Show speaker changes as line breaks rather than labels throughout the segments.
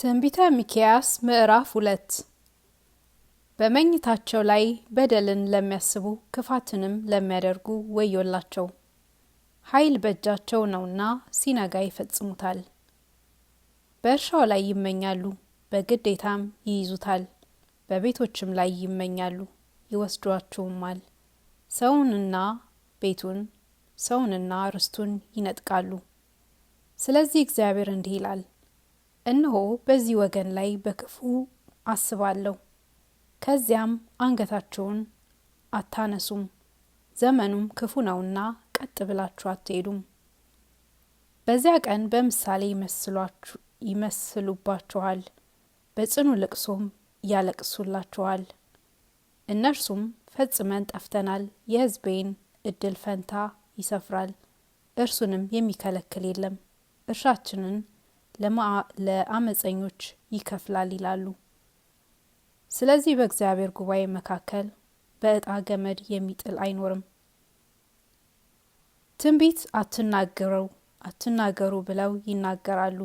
ትንቢተ ሚክያስ ምዕራፍ ሁለት በመኝታቸው ላይ በደልን ለሚያስቡ ክፋትንም ለሚያደርጉ ወዮላቸው። ኃይል በእጃቸው ነውና ሲነጋ ይፈጽሙታል። በእርሻው ላይ ይመኛሉ፣ በግዴታም ይይዙታል። በቤቶችም ላይ ይመኛሉ፣ ይወስዷቸውማል። ሰውንና ቤቱን ሰውንና ርስቱን ይነጥቃሉ። ስለዚህ እግዚአብሔር እንዲህ ይላል እነሆ በዚህ ወገን ላይ በክፉ አስባለሁ፣ ከዚያም አንገታቸውን አታነሱም። ዘመኑም ክፉ ነውና ቀጥ ብላችሁ አትሄዱም። በዚያ ቀን በምሳሌ ይመስሉባችኋል፣ በጽኑ ልቅሶም ያለቅሱላችኋል። እነርሱም ፈጽመን ጠፍተናል፣ የሕዝቤን እድል ፈንታ ይሰፍራል፣ እርሱንም የሚከለክል የለም። እርሻችንን ለአመፀኞች ይከፍላል ይላሉ። ስለዚህ በእግዚአብሔር ጉባኤ መካከል በእጣ ገመድ የሚጥል አይኖርም። ትንቢት አትናገረው አትናገሩ ብለው ይናገራሉ፣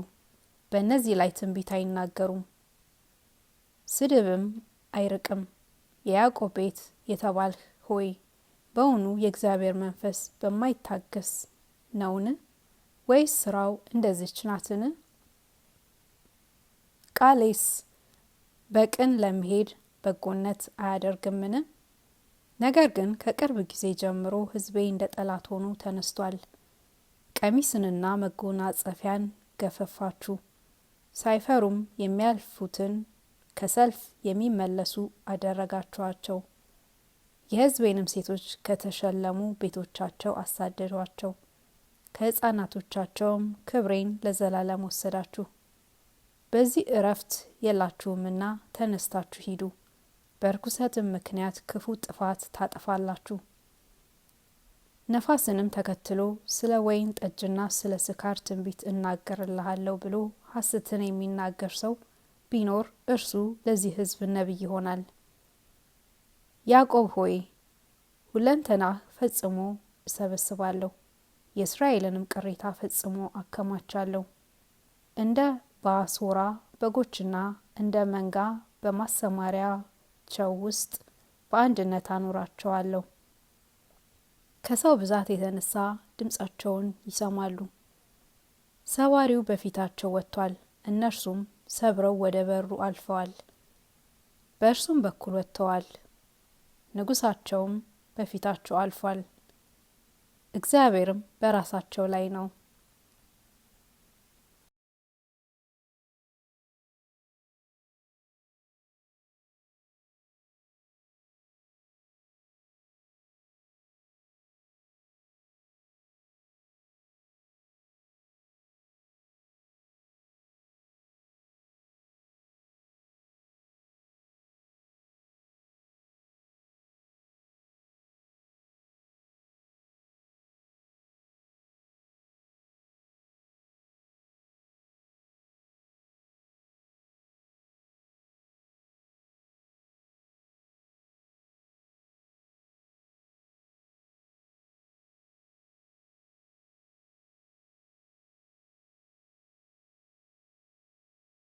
በእነዚህ ላይ ትንቢት አይናገሩም። ስድብም አይርቅም። የያዕቆብ ቤት የተባልህ ሆይ በውኑ የእግዚአብሔር መንፈስ በማይታገስ ነውን? ወይስ ስራው እንደዚች ናትን? ቃሌስ በቅን ለመሄድ በጎነት አያደርግምን? ነገር ግን ከቅርብ ጊዜ ጀምሮ ሕዝቤ እንደ ጠላት ሆኖ ተነስቷል። ቀሚስንና መጎናጸፊያን ገፈፋችሁ፣ ሳይፈሩም የሚያልፉትን ከሰልፍ የሚመለሱ አደረጋችኋቸው። የሕዝቤንም ሴቶች ከተሸለሙ ቤቶቻቸው አሳደዷቸው፣ ከሕፃናቶቻቸውም ክብሬን ለዘላለም ወሰዳችሁ። በዚህ እረፍት የላችሁምና ተነስታችሁ ሂዱ፣ በርኩሰትም ምክንያት ክፉ ጥፋት ታጠፋላችሁ። ነፋስንም ተከትሎ ስለ ወይን ጠጅና ስለ ስካር ትንቢት እናገርልሃለሁ ብሎ ሐሰትን የሚናገር ሰው ቢኖር እርሱ ለዚህ ሕዝብ ነቢይ ይሆናል። ያዕቆብ ሆይ ሁለንተናህ ፈጽሞ እሰበስባለሁ፣ የእስራኤልንም ቅሬታ ፈጽሞ አከማቻለሁ እንደ በአሶራ በጎችና እንደ መንጋ በማሰማሪያቸው ውስጥ በአንድነት አኖራቸዋለሁ። ከሰው ብዛት የተነሳ ድምፃቸውን ይሰማሉ። ሰባሪው በፊታቸው ወጥቷል፣ እነርሱም ሰብረው ወደ በሩ አልፈዋል፣ በእርሱም በኩል ወጥተዋል። ንጉሳቸውም በፊታቸው አልፏል፣ እግዚአብሔርም በራሳቸው ላይ ነው።